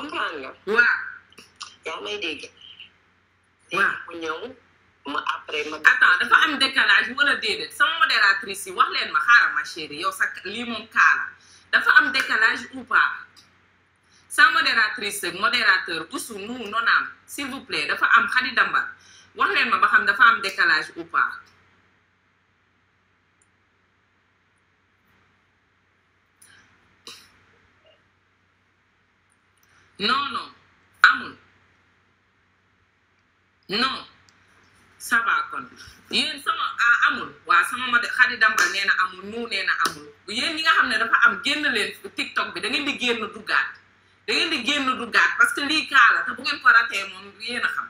comprendre nga. may dégg. waaw mu ñëw ma après ma. dafa am décalage wala déedéet sama modératrice yi wax leen ma xaaral ma yow sa lii moom kaala dafa am décalage ou pas sa modératrice ak modérateur Oussou nous nonaam s'il vous plaît dafa am Khady Dambar wax leen ma ba xam dafa am décalage ou pas. no non amul non ça va kon yéen sama a ah, amul waa sama ma xadi dambal nee na amul nu nee na amul yéen ñi nga xam ne dafa am génn leen tiktok bi da ngeen di génn duggaat da ngeen di génn duggaat parce que lii kaa te bu ngeen ko ratee moom yéen a xam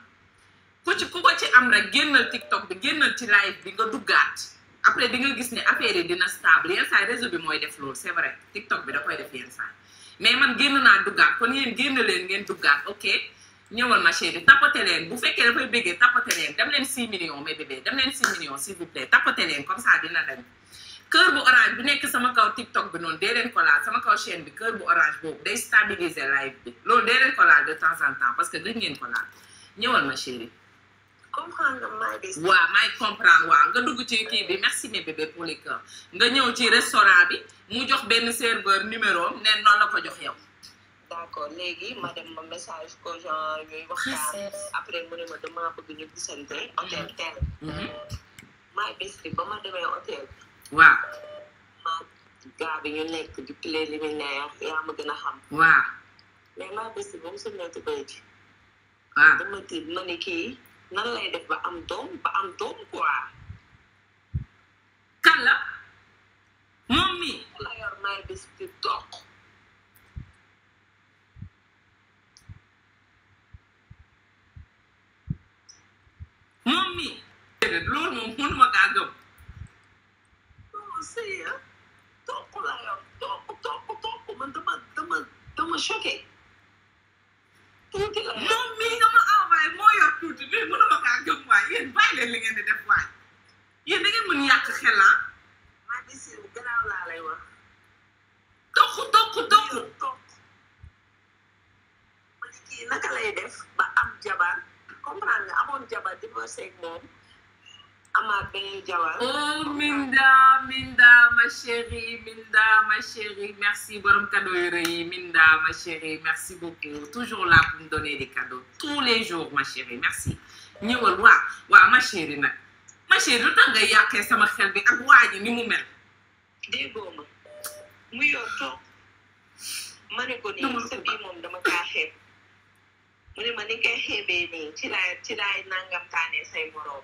ku ci ku ko ci am rek génnal tiktok bi génnal ci live bi nga duggaat après di nga gis ni affaire yi dina stable saa réseau bi mooy def loolu c'est vrai tiktok bi da koy def yen saa mais man génn naa duggaat kon yéen génn leen ngeen duggaat ok ñëwal ma chérie tapote leen bu fekkee dafay bëggee tapote leen dem leen 6 millions mais bébé dem leen 6 millions s'il vous plaît tapote leen comme ça dina dañ kër bu orange bi nekk sama kaw TikTok bi noonu dee leen ko laal sama kaw chaîne bi kër bu orange boobu day stabiliser live bi loolu dee leen ko laal de temps en temps parce que gëj ngeen ko laal ñëwal ma chérie comprendre waaw may comprendre waaw nga dugg ci kii bi merci mes bébés pour les cœurs nga ñëw ci restaurant bi mu jox benn serveur numéro am noonu la ko jox yow. d'accord léegi ma dem ma bëgg ñu gisante hôtel mm-hmm. tel maay mm-hmm. euh, bés bi ba ma demee hôtel waaw gaa bi ñu nekk di préliminaire yaa ma gën xam waaw mais maay bés ba mu su nekk bay ji waaw dama tiit ma ne kii nan lay ba am doom ba am doom quoi. kan la la yor may bis di doq moom mi loolu moom mënuma kaa gëm la yor doq doq doq man dama dama dama choqué tuuti la moom mi lii mënuma kaa gëm waay yéen bàyyi leen li ngeen di def waay yéen da ngeen mën yàq xel ah. maa ngi si gannaaw laa lay wax. toq toq kii naka lay def ba am jabar comprendre nga amoon jabar divorcé ak moom. amaat beneen jabar. oh Minda Minda ma chérie Minda ma chérie borom cadeau yu rëy yi Minda ma chérie merci beaucoup toujours là pour me donner des cadeaux tous les jours ma chérie merci. ñëwal waa waa ma chérie nag ma chérie lu tax nga yàqee bi ak waa ji ni mu mel. ma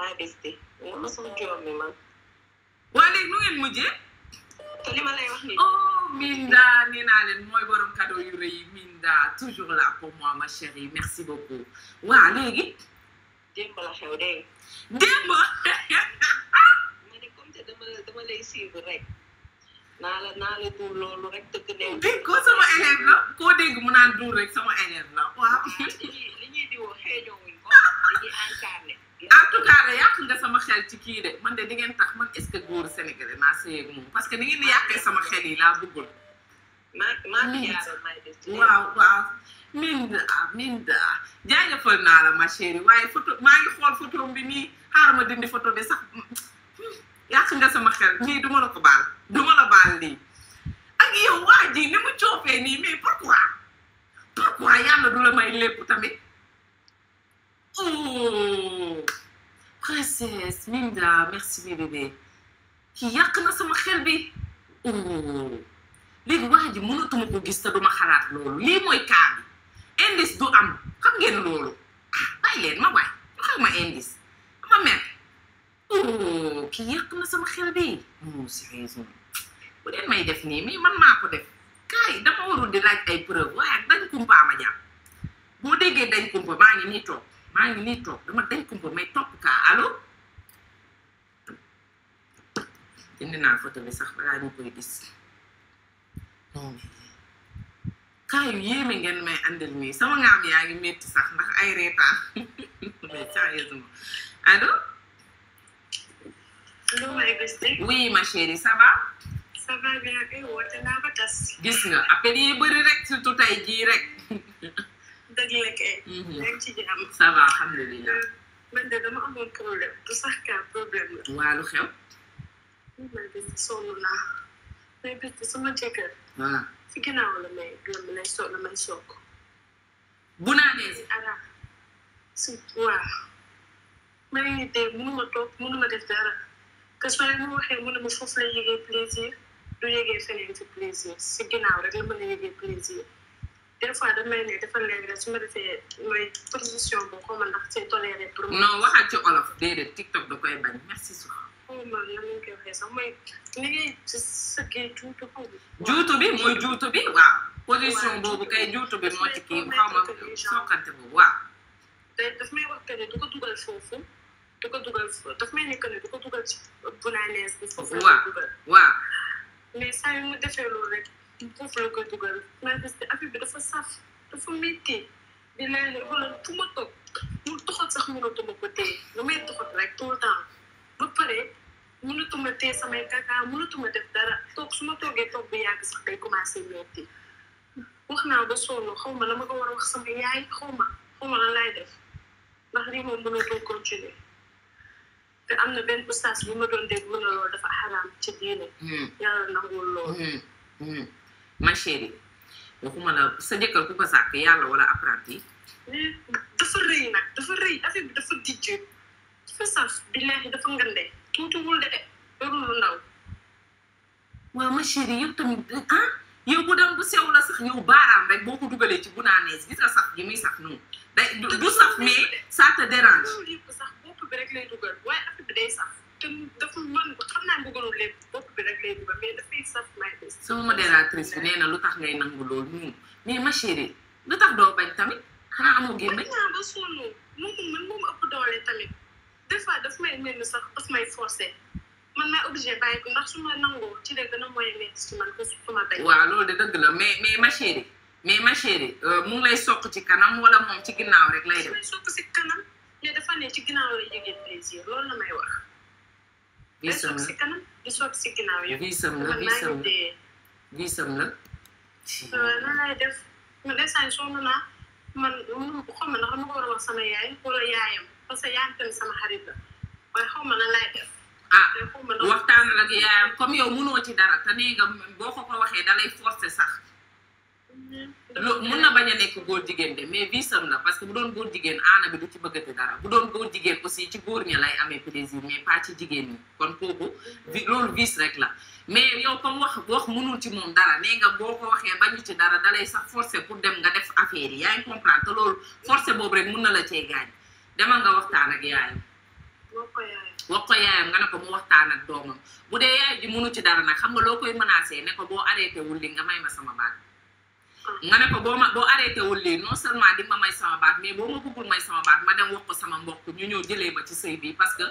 maa besté ma mosul juróom mi man. léegi nu ngeen mujjee. te li ma lay nii. oh Minda nee naa leen mooy borom cadeau yu rëy Minda toujours là pour moi ma chérie merci beaucoup waa léegi. démb la xew dégg démb. loolu rek dëgg neew. ko sama élève la dégg mu naan duur rek sama élève la waaw. li di woo xeeñoo wuñ ko en tout cas de nga sama xel ci kii de man de di ngeen tax man est ce que góor sénégalais naa seeyeg moom parce que ni ngeen di yàqee sama xel yi laa bëggul. maa maa ngi waaw waaw. naa la ma chérie waaye photo maa ngi xool photo bi nii xaaral ma dindi photo bi sax yàq nga sama xel nii du ma la ko baal du ma la baal lii. ak yow waa ji ni mu coofee nii mais pourquoi pourquoi yàlla du la may lépp tamit. Oh, princesse Minda ki yàq na sama xel bi oh, léegi waa ji mënatuma ko gis te duma xalaat loolu lii mooy cas bi indice am xam ngeen loolu ah, bàyyi leen ma bàyyi joxal ma indice ma mer oh, ki yàq na sama xel bi sérieusement bu dee may def nii mais man maa ko def kaay dama warul di laaj ay preuve waaye dañ kumpa ma jàpp boo déggee dañ kumpa maa nii toog maa ngi nii toog dama day kumpa may topp kaa allo jënd naa photo bi sax balaa ñu koy gis kaa yu yéeme ngeen may andil nii sama ngaam yaa ngi métti sax ndax ay reetaan mais sérieusement allo. allo gis nga appel yi bëri rek surtout tey jii rek. ak lekkee. Mhm. yaa ngi ci jàmm. Euh, dama amoon problème la. sama jëkkër. waaw si ginnaaw la may gën lay bu naanee si si waaw. ma ne de mënuma toog mënuma def dara. que su waxee mu foofu la yëgee plaisir du yëgee feneen fi plaisir si ginnaaw rek la mën a yëgee plaisir. des fois damay ne defal leen rek su ma defee mooy position bu xaw ma ndax c'est toléré pour moi. non waxaat ci olof déedéet TikTok da koy bañ merci su xaw ma lan lañ koy waxee sax mooy ni ngay sëggee juutu bi. juutu bi mooy juutu bi waaw. position boobu kay juutu bi moo ci kii xaw ma sookante boobu waaw. te daf may wax que ne du ko dugal foofu du ko dugal daf may nekk ne du ko dugal ci bonanees bi. foofu la ko dugal waaw waaw. mais saa yu mu defee loolu rek. buufala koy dugal maa gis ne affaire bi dafa saf dafa métti di lay ne wala fu ma toog mu toxat sax mënatuma ko téye damay toxat rek tout le temps ba pare mënatuma téye samay kaka mënatuma def dara toog su ma toogee toog bi yàgg sax day commencé métti wax naa ba sonn xaw ma la ma ko war a wax sama yaay xaw ma xaw ma lan laay def ndax lii moom mënatoo continuer te am na benn ustaas bi ma doon dégg mën a loolu dafa xaraam ci diine yàlla nangul loolu ma chérie waxuma la sa jëkkër ku ko sàkk yàlla wala apprenti. dafa rëy nag dafa rëy affaire bi dafa dijje dafa saf billaahi dafa ngande de loolu lu ndaw. waaw ma chérie yow tamit ah yow bu dem bu sew la sax yow baaraam rek boo ko dugalee ci bunaanees gis nga saf gi muy saf noonu. du saf mais ça te sax waaye affaire bi day saf. te dafa man xam naa lépp bopp bi rek lay ba mais dafay may des. nee na lu tax ngay nangu loolu mais ma chérie lu tax doo bañ tamit xanaa amoo génn. bañ naa ba sonn moom man tamit fois daf may mel ni sax daf may forcer man may bàyyi ko ndax su a ci man ko su ma bañ. waaw dëgg la mais mais ma chérie mais ma chérie euh, mu ngi lay soq ci kanam wala moom ci ginnaaw rek lay def. su ma soq ci kanam mais dafa ci ginnaaw la yëgee plaisir loolu la may wax. ቪስም ነው ቪስም ነው ቪስም ነው waxtaan ak yaayam comme yow mënoo ci dara te nee nga boo ko ko waxee dalay forcer sax loo mun na bañ a nekk góor jigéen de mais visam la parce que bu doon góor jigéen aana bi du ci bëggati dara bu doon góor jigéen aussi ci góor ña lay amee plaisir mais pas ci jigéen ñi kon kooku loolu vis rek la mais yow comme wax wax munul ci moom dara nee nga boo ko waxee bañu ci dara dalay sax forcé pour dem nga def affaire yi yaa ngi comprendre te boobu rek mun na la cee gaañ demal nga waxtaan ak yaayam wax ko yaayam nga ne ko mu waxtaan ak doomam bu dee yaay ji munu ci dara nag xam nga loo koy menacé ne ko boo arrêté wul li nga may ma sama baat nga ne ko boo ma boo arrêté wul lii non seulement di ma may sama baat mais boo ma bëggul may sama baat ma dem wax ko sama mbokk ñu ñëw jëlee ma ci sëy bi parce que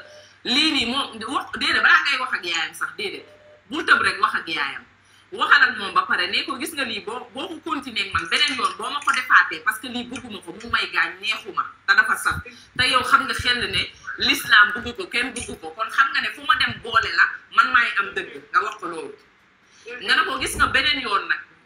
lii nii moom wax déedéet balaa ngay wax ak yaayam sax déedéet bul tëb rek wax ak yaayam waxal ak moom ba pare ne ko gis nga lii boo boo ko continuer man beneen yoon boo ma ko defaatee parce que lii bëgguma ko mu may gaañ neexuma te dafa sax te yow xam nga xel ne l'islam bëgg ko kenn bëgg ko xam nga ne fu ma dem boole la man maay am dëgg nga wax ko loolu nga ne ko gis nga beneen yoon nag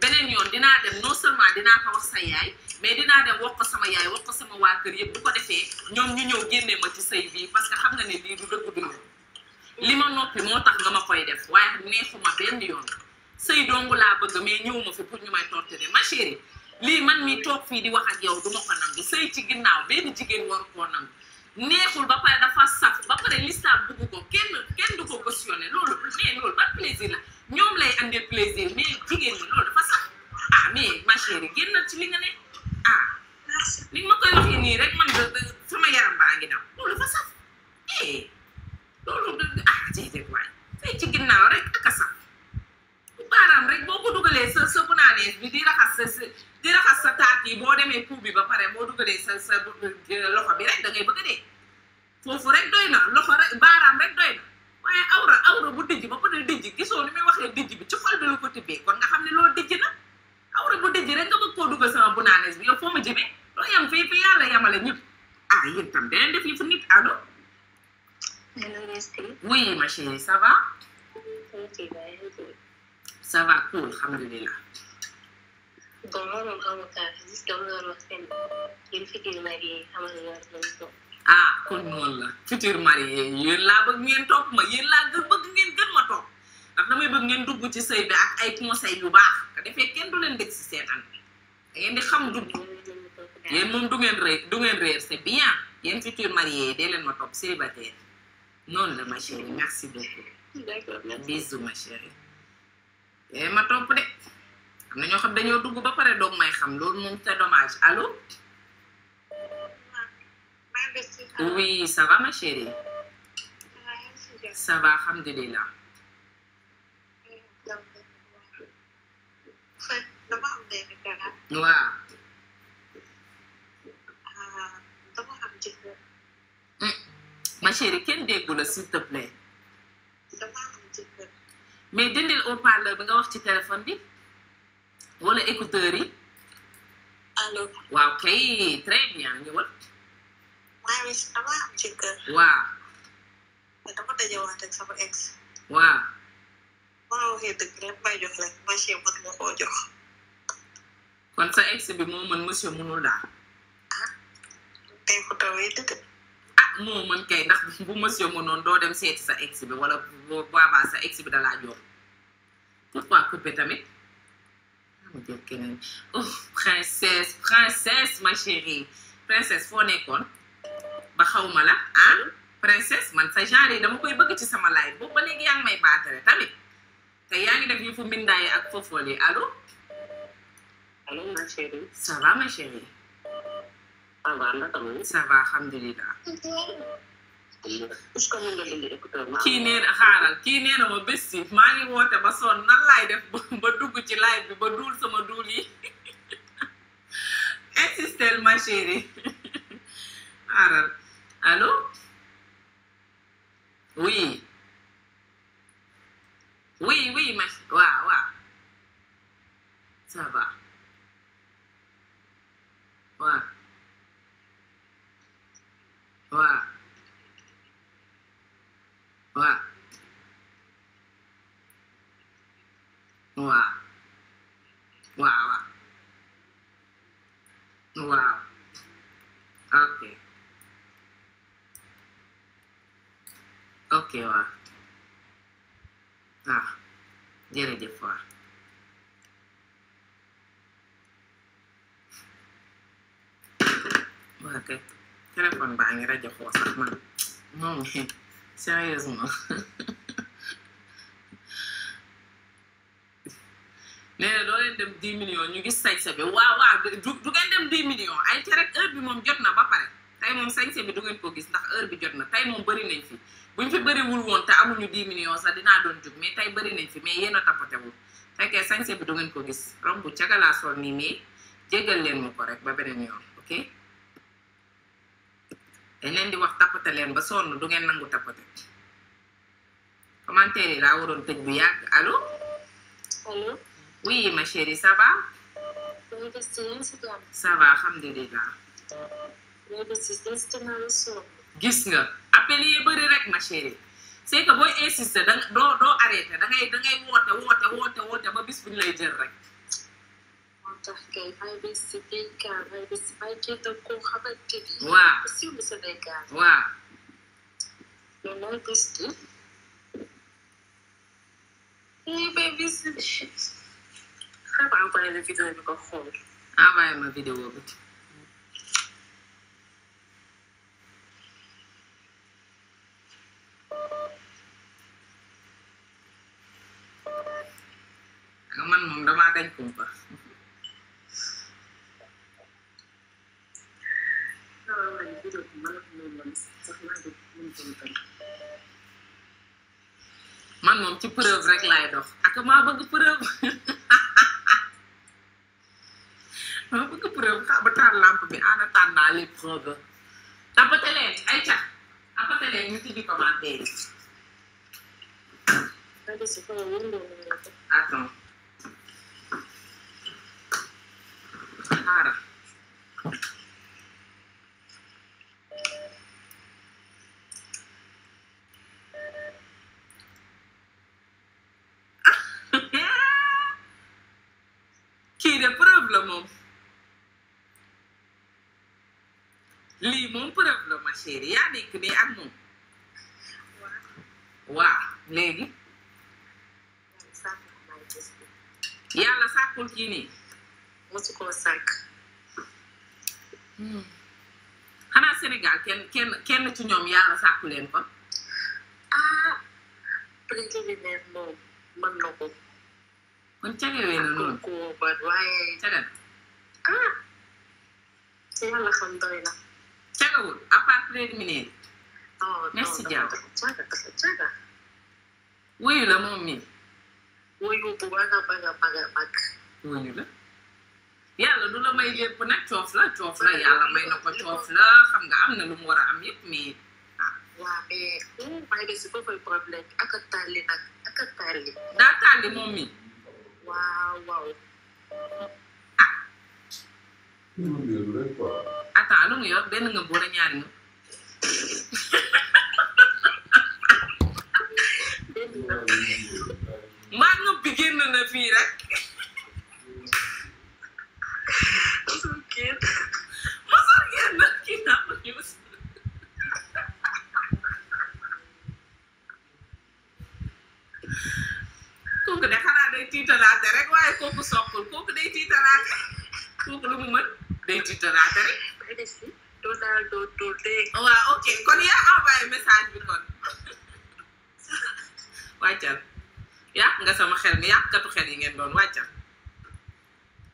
beneen yoon dinaa dem noo seulement dinaa ko wax sa yaay mais dinaa dem wax ko sama yaay wax ko sama waa kër yëpp du ko defee ñoom ñu ñëw génnee ma ci sëy bii parce que xam nga ne lii du dëgg du li ma noppi moo tax nga ma koy def waaye neexuma benn yoon sëy dong laa bëgg mais ñëwuma fi pour ñu may torturer ma chérie lii man mi toog fii di wax ak yow du ma ko nangu sëy ci ginnaaw benn jigéen waru koo nangu neexul ba pare dafa saf ba pare lislaam bugg ko kenn kenn du ko loolu mais loolu ba plaisir la ñoom lay andee plaisir mais jigéen ñi loolu dafa saf ah mais ma chérie génn ci li nga ne ah li ma koy waxee nii rek man sama yaram baa ngi daw loolu dafa saf eh loolu ah déedéet waay tey ci ginnaaw rek ak baaraam rek boo ko dugalee sa sa bunaanees bi di raxas sa di raxas sa taat boo demee pour bi ba pare boo dugalee sa sa loxo bi rek da ngay bëgg a dee foofu rek doy na loxo rek baaraam rek doy na waaye awra awra bu dijj ba pare dijj gisoo ni muy waxee dijj bi ci xol bi la ko tibbee kon nga xam ne loo dijj na awra bu dijj rek nga bëgg koo dugal sama bunaanees bi yow foo ma jëmee loo yem fii fii yàlla yamale ñëpp ah yéen tam beneen def yi fu nit allo. ça va cool alhamdulillah. ah kon noonu la futur marié yéen laa bëgg ngeen topp ma yéen laa gën bëgg ngeen gën ma topp ndax damay bëgg ngeen dugg ci sëy bi ak ay conseils yu baax te defee kenn du leen dëgg si seetaan bi da di xam dugg yéen moom du ngeen réer du ngeen réer c'est bien yéen futur marié yi dee leen ma topp célibataire noonu la ma chérie merci beaucoup. d'accord bisous ma yéen eh, ma topp de am na ñoo xam dañoo dugg ba pare doog may xam loolu moom c'est dommage allo. oui ça va ma chérie. ça va waaw. Hmm. ma kenn déggu la s'il mais dindil haut-parleur bi nga wax ci téléphone bi wala écouteur yi. allo waaw kay très bien ngi si damaa am ci kër. waaw. waaw. kon sa ex bi moo mën monsieur mënul daal. ah. tey moo mën kay ndax bu monsieur mënoon doo dem seeti sa ex bi wala boo sa ex bi dalaa jox. pourquoi couper tamit ah, oh, ma jël keneen oh foo nekkoon ba xawma la ah princesse man sa genre yi dama koy bëgg ci sama live boobu ba léegi yaa ngi may baatare tamit te yaa ngi def yu fu mbindaay ak foofoole allo allo ma chérie ça kii nee na xaaral kii nee na ma bés si maa ngi woote ba son nan laay def ba dugg ci live bi ba duul sama duul yi insistel ma chérie xaaral keewaat ah jërëjëf waa waa kay téléphone baa ngi rajo xoo sax man non sérieusement nee na doo leen dem 10 millions ñu gis sañ sa bi waaw waaw du ay te rek heure bi moom jot na ba pare tey moom sañse bi du ngeen ko gis ndax heure bi jot na tey moom bëri nañ fi buñ fi bariwul woon te amuñu 10 millions sax dinaa doon jug mais tey bari nañ fi mais yenn a tapatewul fekkee sañse bi du ngeen ko gis romb bu cagalaa sol nii mais jégal leen mu ko rek ba beneen yoon ok dañ leen di wax tapate leen ba sonn du ngeen nangu tapate commentaire yi laa waroon tëj bu yàgg allo allo oui ma chérie ça va ça va alhamdulilah gisnga nga appel rek ma chérie c'est que boy insister da do do arrêter da ngay da ngay wote wote ba bis buñ lay jël rek tax kay bis bis ma vidéo man moom damaa dañ kumpa man moom ci preuve rek laay dox ak maa bëgg preuve maa bëgg preuve xaa ba taal lamp bi ana tànn naa les preuves tapate leen ay ca tapate leen ñu tijji commentaire yi attends cara. Kiire preuve la moom lii moom preuve la ma chérie yaa nekk nii ak moom waaw léegi yàlla sàkkul kii mosu koo sànq. Hmm. xanaa Sénégal kenn kenn ci ñoom yàlla sàkku leen ko. ah. préliminaire moom mën na ko. kon cagewee ah, na na. cagawul à part préliminaire. Oh, non merci Diaw wuyu la moom mi. wuyu bu baax a baax a baax a baax. yàlla du la may lépp nag coof la coof la yàlla may na ko coof la xam nga am na lu mu war a am yëpp mais ah. waaw mais maa ngi si boppam problème ak a tàlli nag ak a tàlli. daa tàlli moom mi. waaw waaw. ah. attends lu mu yor benn nga boole ñaari nga. mbaa nga bi génn na fii rek. Sakit. Masa enak kita menyusui? Kung kada kana day tita na tere ko ay kusokul ko kada tita na ke ko kulu ya abay ya, sama xel ya katu xel yi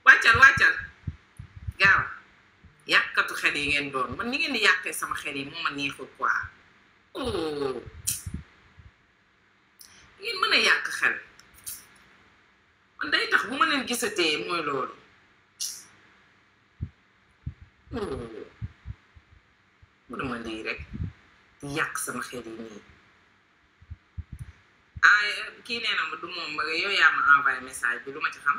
wajar. xel ngeen doon man ni ngeen di yàqee sama xel yi moom ma neexul quoi oh ngeen mën a yàq xel man day tax bu ma leen gisatee mooy loolu oh. mu dama lii rek di yàq sama xel yi nii ah kii nee na ma du moom ba yow yaa ma envoyé message bi lu ma ci xam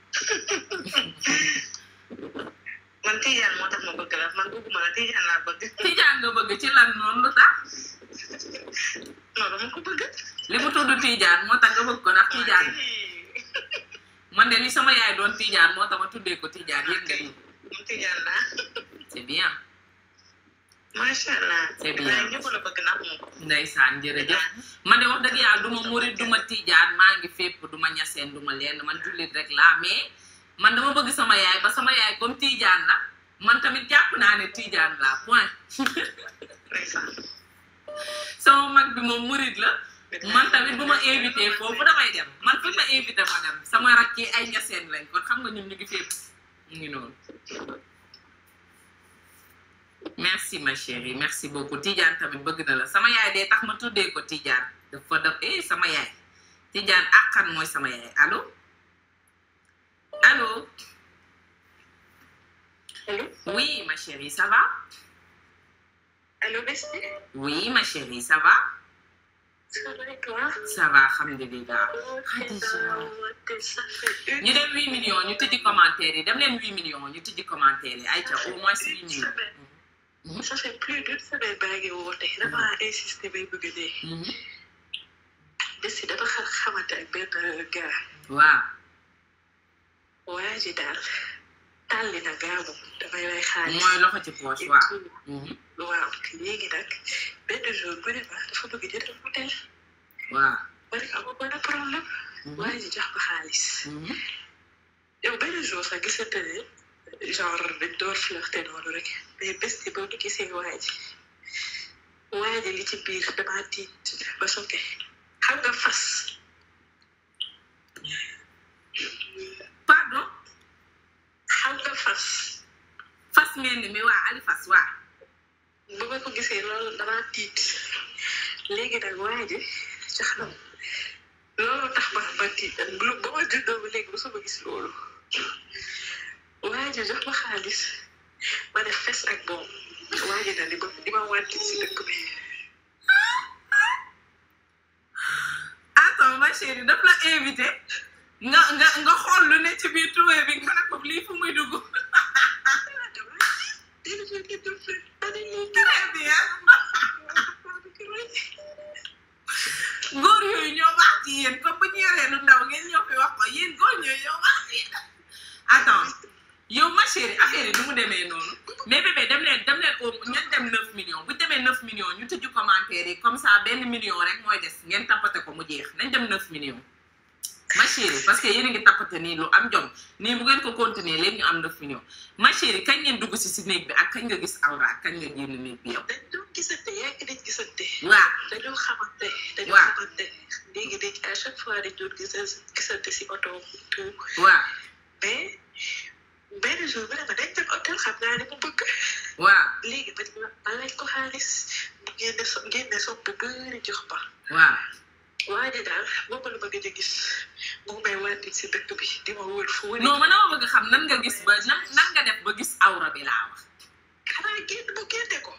man Tijaan moo tax ma bëgg la man bëgguma la Tijaan laa bëgg. Tijaan nga bëgg ci lan noonu lu tax. ko bëgg. li mu tudd Tijaan moo tax nga ba ko ndax Tijaan. man de li sama doon Tijaan moo tax ma tuddee ko Tijaan yëg nga lii. Tijaan laa. c'est bien. machallah ñu ko la bëgg nak ndeysaan jërëjëf man de wax dëgg yàlla duma murid duma tijaan maa ngi fépp duma ñaseen duma lenn man jullit rek laa mais man dama bëgg sama yaay ba sama yaay comme tijaan la man tamit jàpp naa ne tijaan laa point sama mag bi moom murid la man tamit bu ma invité foofu damay dem man fu ma invité ma dem sama rakk yi ay ñaseen lañ kon xam nga ñun ñu ngi fépp mu ngi noonu merci ma chérie merci beaucoup Tidiane tamit bëgg na la sama yaay dé tax ma tuddé ko Tidiane dafa def eh sama yaay Tidiane akkan moy sama yaay allô allô allô oui ma chérie ça va. allô Bessie. oui ma chérie ça va. ça va alhamdoulillah ça va alhamdulilah. Khadija ñu dem 8 millions ñu tëjji commentaire yi dem leen 8 millions ñu tëjji commentaire yi ayca au moins 8 millions. ça fait plus d'une semaine baa ngi woote dama insisté bay bëgg a dee. bés yi dama xam xamante ak benn gars. waaw. waa e waaw. Mm-hmm. Mm-hmm. waaw léegi nag benn jour bu ne ma dafa bëgg jënd benn problème. Mm-hmm. waa ji jox ne. جار بالدور في الاغتنال بس بقولك يسيب واحد واحد اللي تبي يخدم عندي بس اوكي حاجة فص pardon حاجة فص فص مين مي واع علي فص واع بابا كو جيسي لول دما تيت ليجي دا واحد تخدم لول تخبر باتي بابا جدو ليجي بس ما جيس لولو waa ji jox ma xaalis ma def fes ak moom waa ji na li ba li si dëkk bi. attends ma chérie daf la invité nga nga nga xool lu ne ci biir tuwe bi nga ne ko lii fu muy dugg. très yooyu ñoo baax ci yéen comme bu ñu yoree ndaw ngeen ñoo fi wax ko yéen góor ñoo baax ci yéen attends. yow ma chérie affaire yi mu demee noonu mais bébé dem leen dem leen au dem 9 millions bu demee 9 millions ñu tëju commentaire yi comme ça benn million rek mooy des ngeen tappate ko mu jeex nañ dem 9 millions. ma chérie parce que yéen a ngi tappate nii lu am jom nii bu ngeen ko continuer léegi ñu am 9 millions ma chérie kañ ngeen dugg si si néeg bi ak kañ nga gis awra ak kañ nga génn néeg bi yow. dañ doon gisante yaa ngi dañ dañoo xamante. léegi dañ chaque fois dañ doon gisante si oto. waaw mais. benn jour bi dañ dem hôtel xam naa ne mu bëgg. waaw jox ba. waaw. waaye de daal moom la ma gëj a gis mu ngi may wàllu si dëkk bi di ma wër fu. non man xam nan nga gis ba nan nga def ba gis awra bi laa wax. xanaa génn mu ko.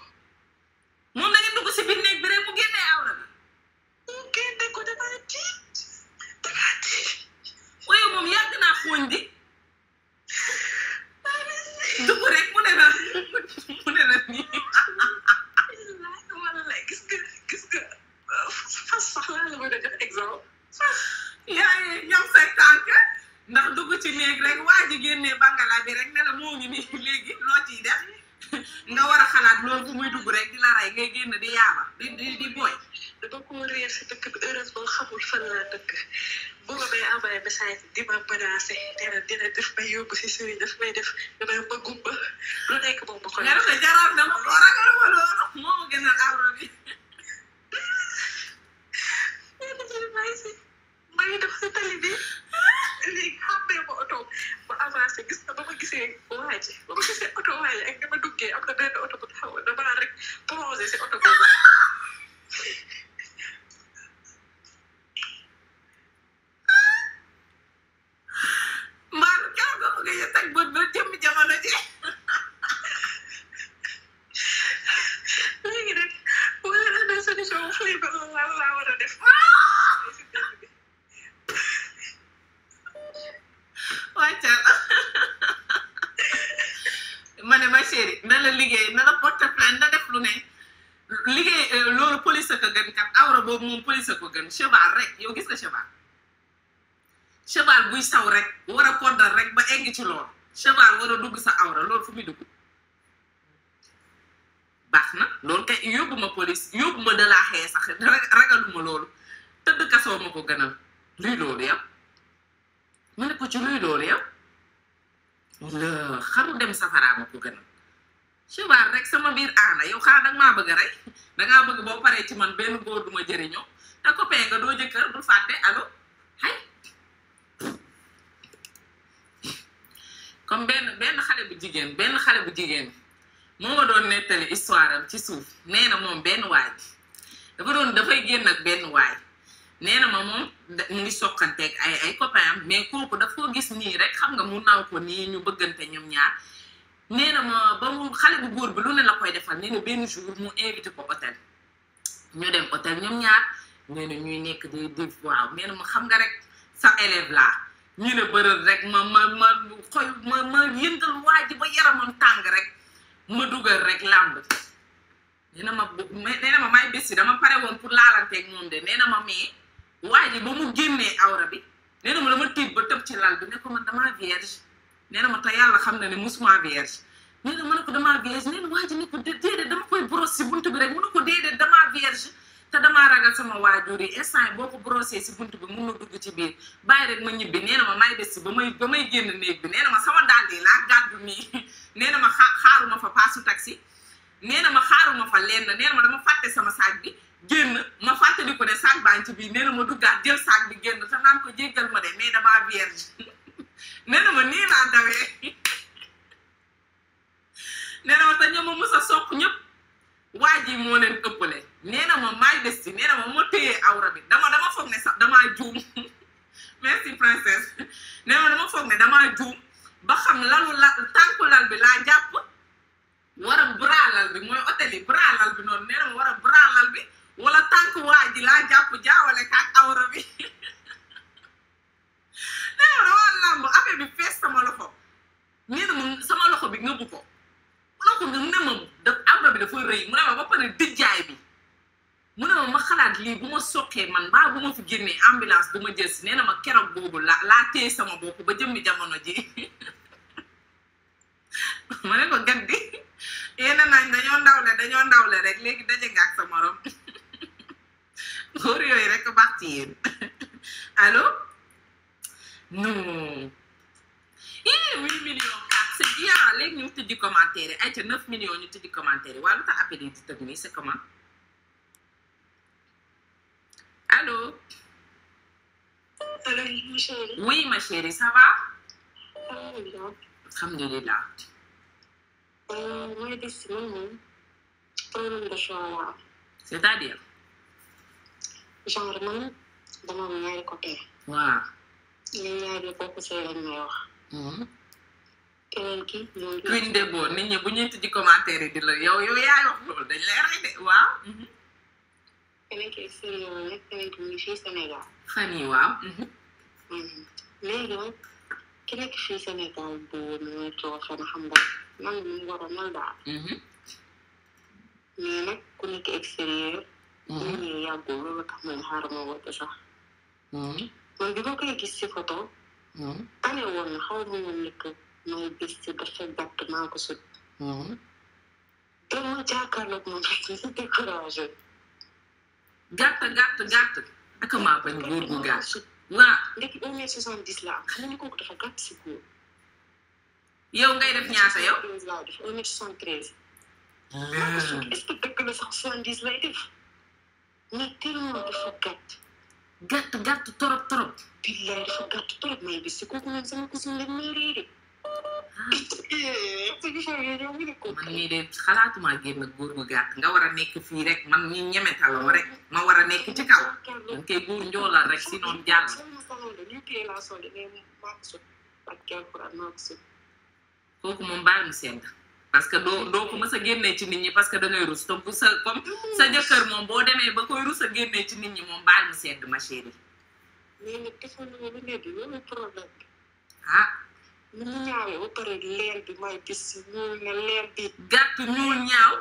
moom da ngeen si biir néeg bi rek mu génnee awra mu génne ko damaa tiit waaye moom yàgg naa xooñ di. Beneran nih. yaa yow say tànk ndax dugg ci néeg rek waa ji génnee bàngalaa bi rek ne la moo ngi nii léegi loo ciy def nga war a xalaat loolu bu muy dugg rek di la rey ngay génn di yaaba di di di boy dama ko réer si dëkk bi heureusement xamul fan laa dëkk bu ma may di ma menacé dina dina def may yóbbu si sëriñ daf may def damay bëggum lu nekk Claro ya ahora loolu moom police ko gën cheval rek yow gis nga cheval cheval buy saw rek war a koddal rek ba egg ci loolu cheval war a dugg sa awra loolu fu muy dugg baax na loolu kay yóbbu ma police yóbbu ma de sax ragaluma loolu tëdd kasoo ma ko gënal luy loolu yow ma ne ko ci luy loolu yow la xaru dem safaraa ma ko gënal cheval rek sama biir aana yow xaa danga maa bëgg a rey dangaa bëgg boo paree ci man benn góor duma jëriñoo te copain nga doo jëkkër bul fàtte allo hay comme benn benn xale bu jigéen benn xale bu jigéen moo ma doon nettali histoire am ci suuf nee na moom benn waay dafa doon dafay génn ak benn waay nee na ma moom mu ngi sokkanteeg ay ay copain am mais kooku daf gis nii rek xam nga mu naw ko nii ñu bëggante ñoom ñaar nee na ma ba mu xale bu góor bi lu ne la koy defal nee na benn jour mu invité ko hôtel ñu dem hôtel ñoom ñaar nee ñuy nekk di di waaw nee na ma xam nga rek sa élève laa ñu ne bërël rek ma ma ma xoy ma ma yëngal waa ji ba yaramam tàng rek ma dugal rek làmb nee na ma nee na ma may bés yi dama pare woon pour laalanteeg moom de nee na ma mais waa ji ba mu génnee awra bi nee na ma la ma tiit ba tëb ci lal bi ne ko man damaa vierge nee ma ta yàlla xam na ne musuma vierge nee na ma ne ko damaa vierge nee na ko déedéet dama koy brosse si buntu bi rek mu ne ko déedéet damaa vierge te damaa ragal sama waajur yi instant boo ko brossé si bunt bi mun na dugg ci biir bàyyi rek ma ñibbi nee ma may des si ba may ba génn néeg bi nee ma sama dàll yi laa gàddu nii nee na ma xaaruma fa paasu taxi nee na ma xaaruma fa lenn nee na ma dama fàtte sama saag bi génn ma fàttali ko ne saag baa ngi ci biir nee ma duggaat jël saag bi génn te naan ko jéggal ma de mais damaa vierge nee na ma nii laa dawee nee ma te ñoom ma mës a sopp ñëpp waa ji moo leen ëppale nee na ma maay des ci nee na ma moo téyee awra dama dama foog ne sax damaa juum merci princesse nee na ma dama foog ne damaa juum ba xam lalu la tànku lal bi laa jàpp war a bralal bi mooy hôtel yi bralal bi noonu nee na ma war a bralal bi wala tànku waa ji laa jàpp jaawale kaak awra nee na dama làmb sama loxo nee sama loxo bi ngëbu ko loxo ma bi dafa rëy mu ne bi mu ne ma ma xalaat lii bu man baa bu ma fi génnee ambulance du ma jël nee na ma keroog boobu la laa téye sama bopp ba jëmmi jamono ji ma ne ko gan di yéena naañ dañoo ndawle dañoo ndawle rek léegi daje nga ak sa morom góor rek baax ci non. Hmm. eh 8 millions 4 c'est bien léegi ñu tuddi commentaire ay ca 9 commentaire waaw lu tax appel yi di tëgg comment allô. allô ma chérie. oui ma chérie ça va. alhamdulilah. alhamdulilah. mooy de choix c'est-à-dire. genre man dama am ñaari côté. waaw. ñun ñaar ñu bokk see lañ may ki mooy. kuñ déggoo nit ñi bu ñuy di la yow yow yaay wax loolu dañ lay rey de waaw. keneen ki Sénégal Sénégal. fan waaw. léegi nag ki nekk fii Sénégal boobu mooy cooxan xam nga man mi ngi daal. mais nag ku nekk extérieur. nit ñi yàggul loolu tax man xaaral ma sax. man bi ma koy gis si photo. tane xaw ma woon may gis dafa gàtt maa ko sut. dama jàkkaarloog moom si découragé. gàtt gàtt gàtt ak maa bañ góor gu gàtt. waaw ndekki un mètre soixante dix la am xam ni kooku dafa gàtt si yow ngay def ñaata yow. waaw dafa un mètre soixante treize. Ah. maa def. mais tellement dafa gàtt. gàtt gàtt torop torop. billaay dafa gàtt torop si kooku moom sama cousin la muy réeré. man mii de xalaatuma génn góor gu gàtt nga war a nekk fii rek man ñi ñeme talon rek ma war a nekk ci kaw. dañ koy njoolal rek si noonu jàll. kooku moom baal mu seen parce que doo doo ko mës a génnee ci nit ñi parce que da ngay rus te mm. sa jëkkër moom boo demee ba koy rus a génnee ci nit ñi moom baal mu sedd ma chérie. mais nag defoon na lu ah. ba pare leel bi may gis gàtt ñuul ñaaw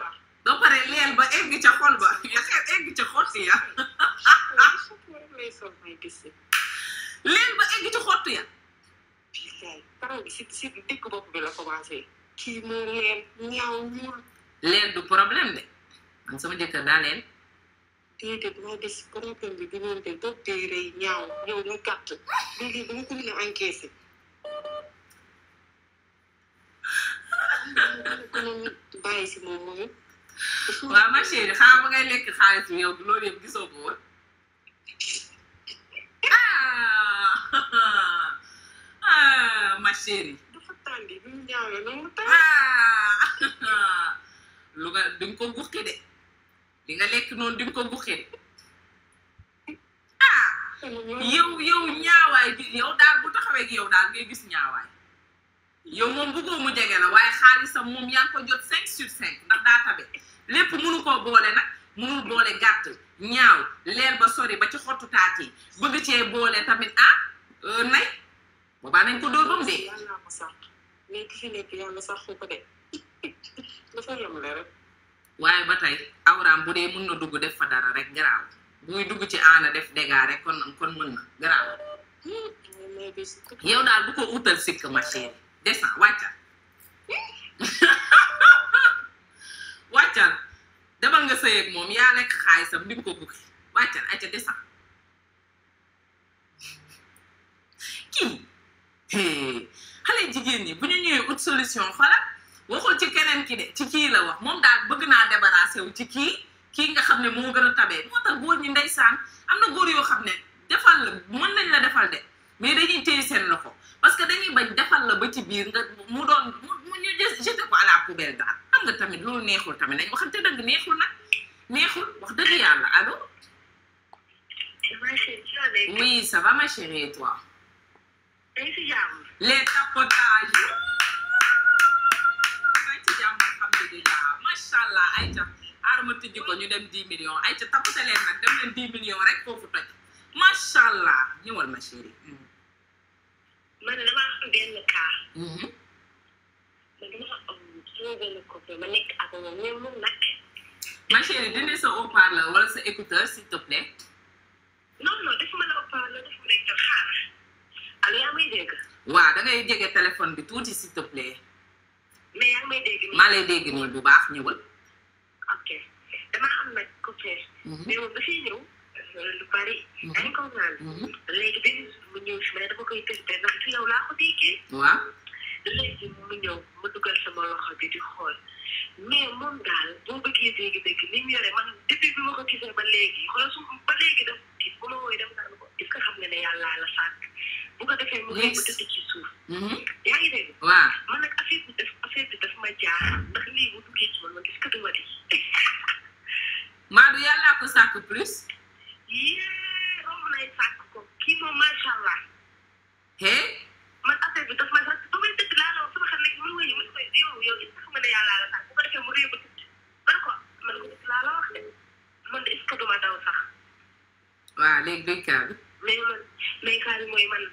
ba pare leel ba egg ca xol ba ya egg ca xottu ya. leel ba egg ca xottu ya. bii kay bi si si digg kii moo leen ñaaw ñuul. leen du problème de man sama jëkkër daa leen. déedéet maa gis problème bi diggante moom moomu. waaw ma chérie xaaral ba ngay lekk xaalis bi yow loolu yëpp gisoo ko ah ah bi bu ah! lu nga di nga ko guqi de di nga lekk noonu di nga ko guqi de ah yow yow ñaawaay bi yow daal bu taxawee ak yow daal ngay gis ñaawaay yow moom bëggoo mu jege la waaye xaalisam moom yaa ngi ko jot cinq sur cinq ndax daa tabe lépp mënu koo boole nag mënul boole gàtt ñaaw leer ba sori ba ci xottu taat yi bëgg cee boole tamit ah euh, nay boobaa nañ ko dóor ba mu dee mais ki waaye ba tey awraam bu dee mën na dugg def fa dara rek garaaw buy dugg ci aana def dégâts rek kon kon mën na garaaw. yow daal bu ko utal sikk ma chérie descend wàccal wàccal demal nga sëy ak moom yaa lekk xaalisam ni mu ko bugg wàccal acca descend kii xale jigéen ñi bu ñu ñëwee ut solution fala waxul ci keneen ki de ci kii la wax moom daal bëgg naa débarrassé wu ci kii kii nga xam ne moo gën a tabee moo tax góor ñi ndeysaan am na góor yoo xam ne defal la mën nañ la defal de mais dañuy téye seen loxo parce que dañuy bañ defal la ba ci biir nga mu doon mu ñu jeté ko à la poubelle daal xam nga tamit loolu neexul tamit nañ waxante dëgg neexul nag neexul wax dëgg yàlla allo oui ça va toi les tapotages ay ci jàmm allah ayca aar ma tijji ko ñu dem 10 millions ayca tapote leen nag dem leen 10 millions rek foofu toj macha allah ñëwal ma chérie. man mm. dama man dama am sama benn mm-hmm. copain ma nekk ak moom mais moom nag. wala sa écouteur s'il te non non def ma la haut waaw da ngay jege téléphone bi tuuti s'il te plaît. mais yaa ngi dégg nii bu baax ñëwal. ok dama xam nag côté. Mhm. mais moom euh, lu bari. Mhm. dañ ko naan. Mhm. léegi benn mu ñëw si ma dama koy testé ndax ci yow laa ko déggee. waaw léegi mu ñëw mu dugal sama loxo bi di xool. mais moom daal boo bëggee dégg-dégg li mu yore man depuis bi ma ko gisee ba léegi xoolal su ba léegi daf gis bu ma wooyee dem naan ko est-ce que xam nga ne yàllaa la sàkk bu ko defee mu nekk tëdd ci suuf. Mm-hmm. yaa ngi dégg. waaw man nag affaire bi daf affaire bi daf ma jaax ndax lii bu duggee ci man ma gis katu ma di. Maodo yàllaa ko sàkk plus. yee romb nay sàkk ko kii moom macha allah. man affaire bi daf ma sàkk. nag mën nga ñu mën koy yow yow mooy man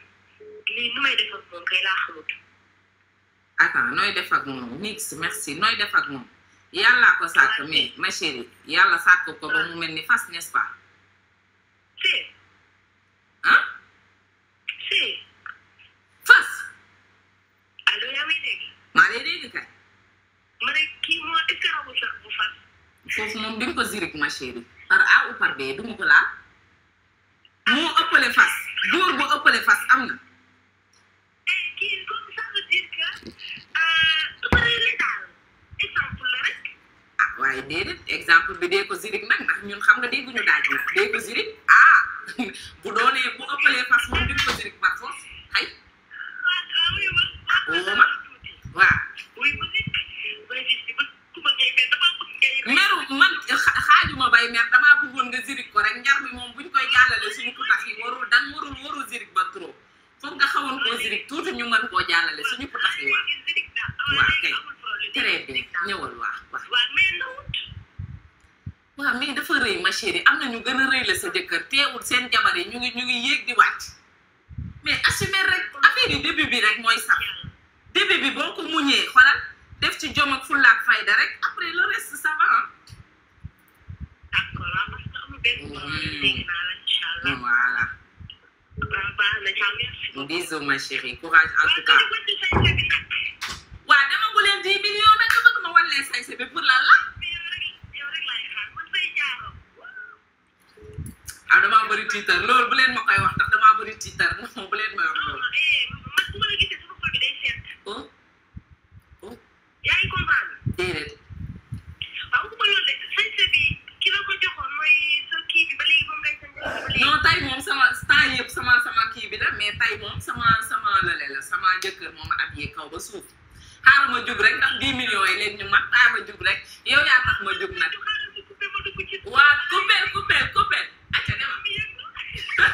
lii nu may def moom kay laa xamut. attends nooy def ak moom nix merci nooy def ak moom yàlla ko sàkk mais ma yàlla sàkk ko ba mu mel ni fas n'est-ce foofu moom duñ ko zirik ma chérie par A ou par B duñu ko laal moo ëppale fas góor bu ëppale fas am na. ah waaye déedéet exemple bi dee ko zirik nag ndax ñun xam nga dégguñu daaj na dee ko zirik ah bu doonee bu ëppalee fas moom duñ ko zirik par force ay. waaw. meru man xaajuma bay mer damaa bëggoon nga zirik ko rek njar bi moom ñu koy jàllale suñu putax yi warul dang warul warul zirik ba trop foog nga xawoon koo zirik tuuti ñu mën koo jàllale suñu putax yi waaw waaw kay très bien ñëwal waaw waaw waaw mais dafa rëy ma chérie am na ñu gën a rëy sa jëkkër teewul seen jabar yi ñu ngi ñu ngi yéeg di wàcc mais assumer rek affaire yi bi rek mooy sax début bi boo ko muñee xoolal def ci jom ak fulla ak fayda rek après le reste ça va ah. d'accord waaw parce que amul benn problème mm. dégg naa la incha allah. voilà. waaw baax na ca merci beaucoup. leen dix millions bi pour lan la. ah damaa bëri tiitar loolu bu leen ma koy wax ndax damaa bëri tiitar non bu leen ma wax déedéet. ki la ko joxoon mooy sa tay moom sama temps yëpp sama sama kii bi la mais tay moom sama sama lale la sama jëkkër moom ab yee kaw ba suuf xaaral ma jug rek ndax 10 millions yi leen ñu mat xaaral ma jug rek yow yaa tax jug nag. waa coupé coupé coupé acca dem.